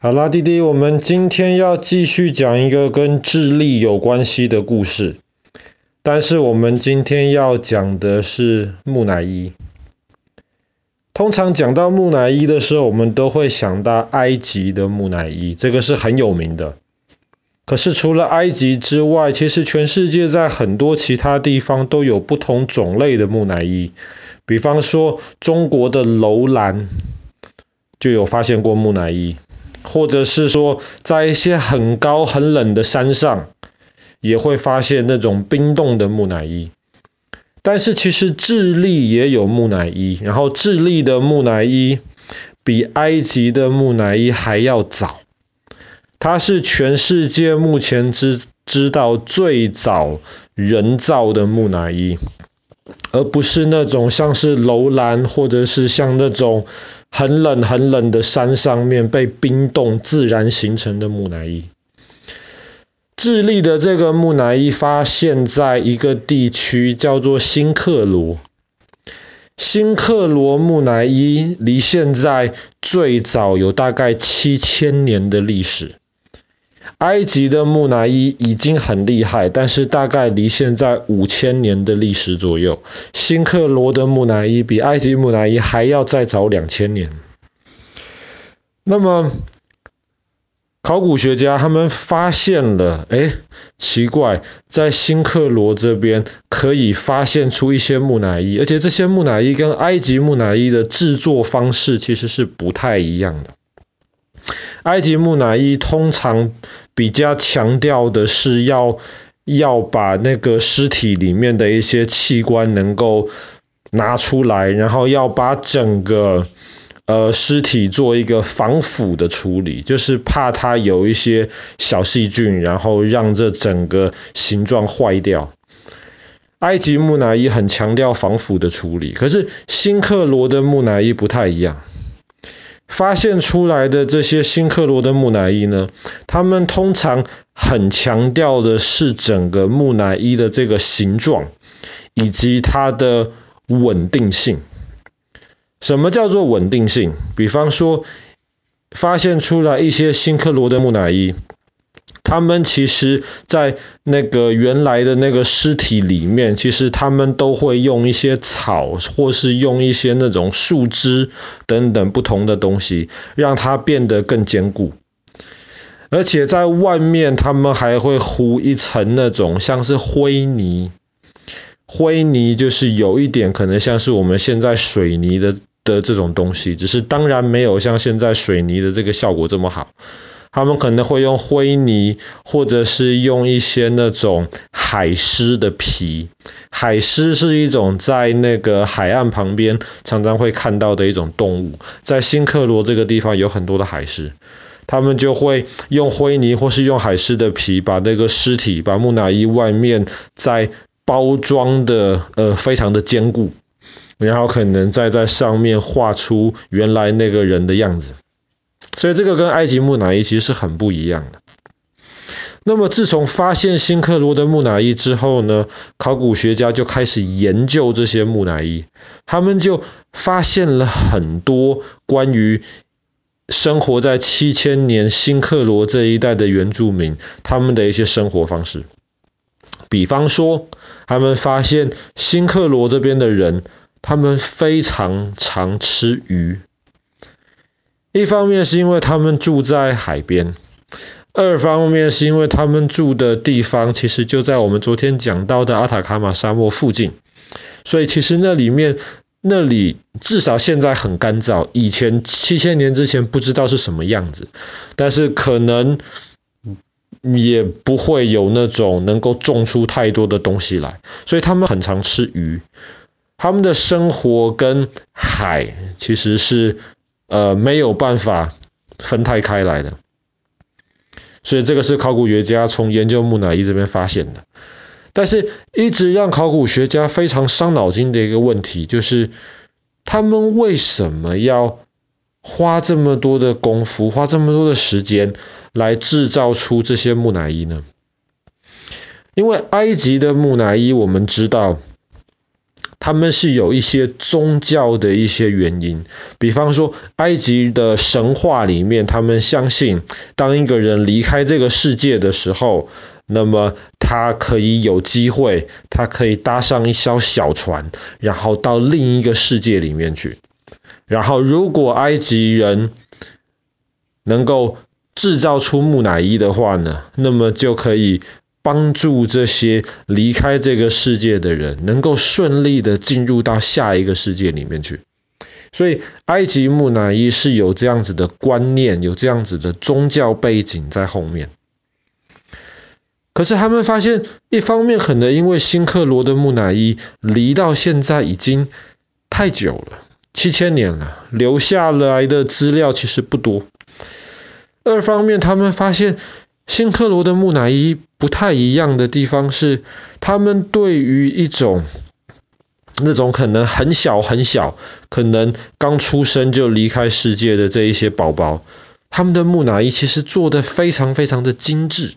好啦，弟弟，我們今天要繼續講一個跟智利有關係的故事。但是我們今天要講的是木乃伊。通常講到木乃伊的時候，我們都會想到埃及的木乃伊，這個是很有名的。可是除了埃及之外，其實全世界在很多其他地方都有不同種類的木乃伊。比方說，中國的樓蘭就有發現過木乃伊。或者是說，在一些很高很冷的山上，也會發現那種冰凍的木乃伊。但是其實智利也有木乃伊，然後智利的木乃伊比埃及的木乃伊還要早，它是全世界目前知知道最早人造的木乃伊。而不是那種像是樓蘭，或者是像那種很冷很冷的山上面被冰凍自然形成的木乃伊。智利的這個木乃伊發現在一個地區叫做新克羅，新克羅木乃伊離現在最早有大概七千年的歷史。埃及的木乃伊已經很厲害，但是大概離現在五千年的歷史左右。新克羅的木乃伊比埃及木乃伊還要再早兩千年。那麼，考古學家他們發現了，誒，奇怪，在新克羅這邊可以發現出一些木乃伊，而且這些木乃伊跟埃及木乃伊的制作方式其實是不太一樣的。埃及木乃伊通常比較強調的是要要把那個屍體裡面的一些器官能夠拿出來，然後要把整個呃屍體做一個防腐的處理，就是怕它有一些小細菌，然後讓這整個形狀壞掉。埃及木乃伊很強調防腐的處理，可是新克羅的木乃伊不太一樣。發現出來的這些新克羅的木乃伊呢，他們通常很強調的是整個木乃伊的這個形狀以及它的穩定性。什麼叫做穩定性？比方說，發現出來一些新克羅的木乃伊。他們其實，在那個原來的那個屍體裡面，其實他們都會用一些草，或是用一些那種樹枝等等不同的東西，讓它變得更堅固。而且在外面，他們還會糊一層那種像是灰泥，灰泥就是有一點可能像是我們現在水泥的的這種東西，只是當然沒有像現在水泥的這個效果這麼好。他們可能會用灰泥，或者是用一些那種海獅的皮。海獅是一種在那個海岸旁邊常常會看到的一種動物，在新克羅這個地方有很多的海獅。他們就會用灰泥，或是用海獅的皮，把那個屍體，把木乃伊外面再包裝得呃非常的堅固，然後可能再在，在上面畫出原來那個人的樣子。所以這個跟埃及木乃伊其實是很不一樣的。那麼自從發現新克羅的木乃伊之後呢，考古學家就開始研究這些木乃伊，他們就發現了很多關於生活在七千年新克羅這一帶的原住民，他們的一些生活方式。比方說，他們發現新克羅這邊的人，他們非常常吃魚。一方面是因為他們住在海邊，二方面是因為他們住的地方其實就在我們昨天講到的阿塔卡馬沙漠附近，所以其實那裡面那裡至少現在很乾燥，以前七千年之前不知道是什麼樣子，但是可能也不會有那種能夠種出太多的東西來，所以他們很常吃魚，他們的生活跟海其實是。呃，沒有辦法分開開來的，所以這個是考古學家從研究木乃伊這邊發現的。但是，一直讓考古學家非常傷腦筋的一個問題，就是他們為什麼要花這麼多的功夫，花這麼多的時間來制造出這些木乃伊呢？因為埃及的木乃伊，我們知道。他們是有一些宗教的一些原因，比方說埃及的神話裡面，他們相信當一個人離開這個世界的時候，那麼他可以有機會，他可以搭上一艘小，小船，然後到另一個世界裡面去。然後如果埃及人能夠製造出木乃伊的話呢，那麼就可以。幫助這些離開這個世界的人能夠順利的進入到下一個世界裡面去，所以埃及木乃伊是有這樣子的觀念，有這樣子的宗教背景在後面。可是他們發現，一方面可能因為新克羅的木乃伊離到現在已經太久了，七千年了，留下來的資料其實不多；二方面，他們發現新克羅的木乃伊。不太一樣的地方是，他們對於一種那種可能很小很小，可能剛出生就離開世界的這一些寶寶，他們的木乃伊其實做得非常非常的精緻，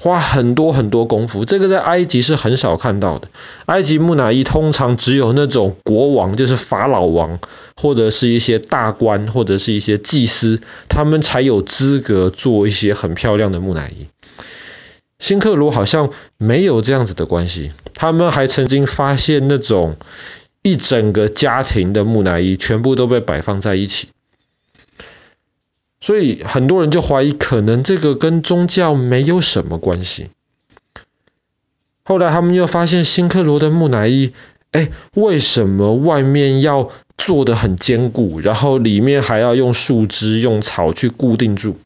花很多很多功夫。這個在埃及是很少看到的。埃及木乃伊通常只有那種國王，就是法老王，或者是一些大官，或者是一些祭司，他們才有資格做一些很漂亮的木乃伊。新克羅好像沒有這樣子的關係，他們還曾經發現那種一整個家庭的木乃伊全部都被擺放在一起，所以很多人就懷疑可能這個跟宗教沒有什麼關係。後來他們又發現新克羅的木乃伊，哎，為什麼外面要做得很堅固，然後裡面還要用樹枝、用草去固定住？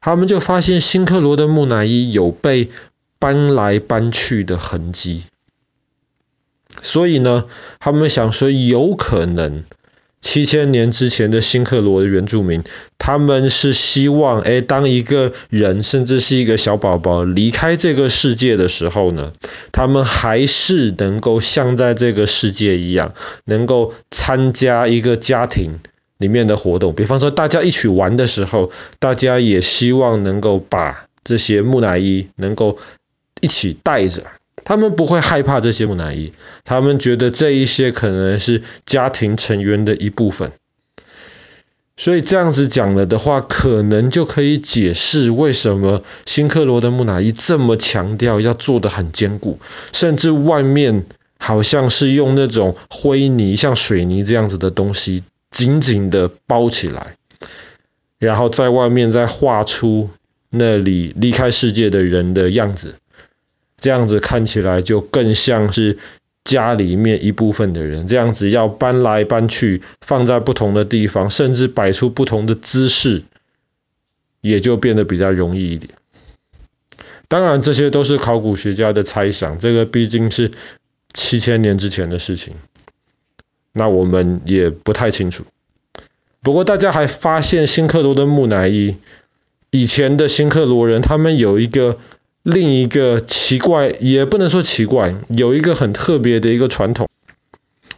他們就發現新克羅的木乃伊有被搬來搬去的痕跡，所以呢，他們想說有可能七千年之前的新克羅的原住民，他們是希望，誒，當一個人甚至是一個小寶寶離開這個世界的時候呢，他們還是能夠像在這個世界一樣，能夠參加一個家庭。裡面的活動，比方說大家一起玩的時候，大家也希望能夠把這些木乃伊能夠一起帶着。他們不會害怕這些木乃伊，他們覺得這一些可能是家庭成員的一部分。所以這樣子講了的話，可能就可以解釋為什麼新克羅的木乃伊這麼強調要做得很堅固，甚至外面好像是用那種灰泥，像水泥這樣子的東西。緊緊的包起來，然後在外面再畫出那裡離開世界的人的樣子，這樣子看起來就更像是家裡面一部分的人，這樣子要搬來搬去，放在不同的地方，甚至擺出不同的姿勢，也就變得比較容易一點。當然，這些都是考古學家的猜想，這個畢竟是七千年之前的事情。那我們也不太清楚，不過大家還發現新克羅的木乃伊，以前的新克羅人他們有一個另一個奇怪，也不能說奇怪，有一個很特別的一個傳統。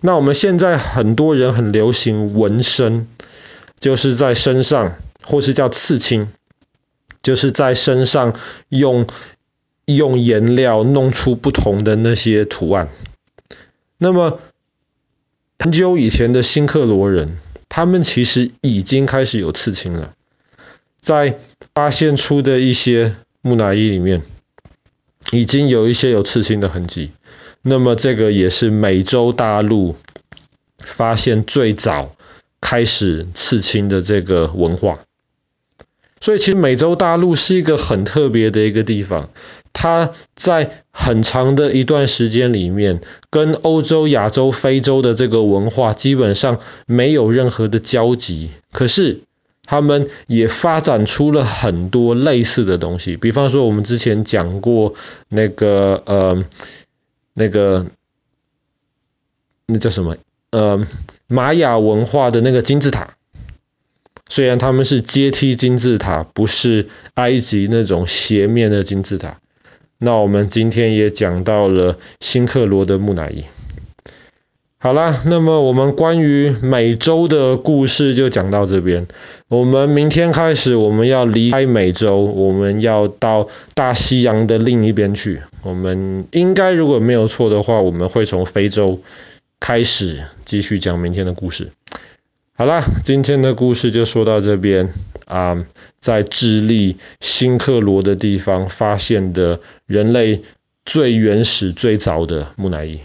那我們現在很多人很流行紋身，就是在身上，或是叫刺青，就是在身上用用顏料弄出不同的那些圖案。那麼。很久以前的新克羅人，他們其實已經開始有刺青了。在發現出的一些木乃伊裡面，已經有一些有刺青的痕跡。那麼這個也是美洲大陸發現最早開始刺青的這個文化。所以其實美洲大陸是一個很特別的一個地方。他在很長的一段時間裡面，跟歐洲、亞洲、非洲的這個文化基本上沒有任何的交集。可是他們也發展出了很多類似的東西，比方說我們之前講過那個呃那個那叫什麼呃瑪雅文化的那個金字塔，雖然他們是階梯金字塔，不是埃及那種斜面的金字塔。那我們今天也講到了新克羅的木乃伊。好啦，那麼我們關於美洲的故事就講到這邊。我們明天開始，我們要離開美洲，我們要到大西洋的另一邊去。我們應該如果沒有錯的話，我們會從非洲開始繼續講明天的故事。好啦，今天的故事就說到這邊。啊，um, 在智利新克羅的地方發現的人類最原始、最早的木乃伊。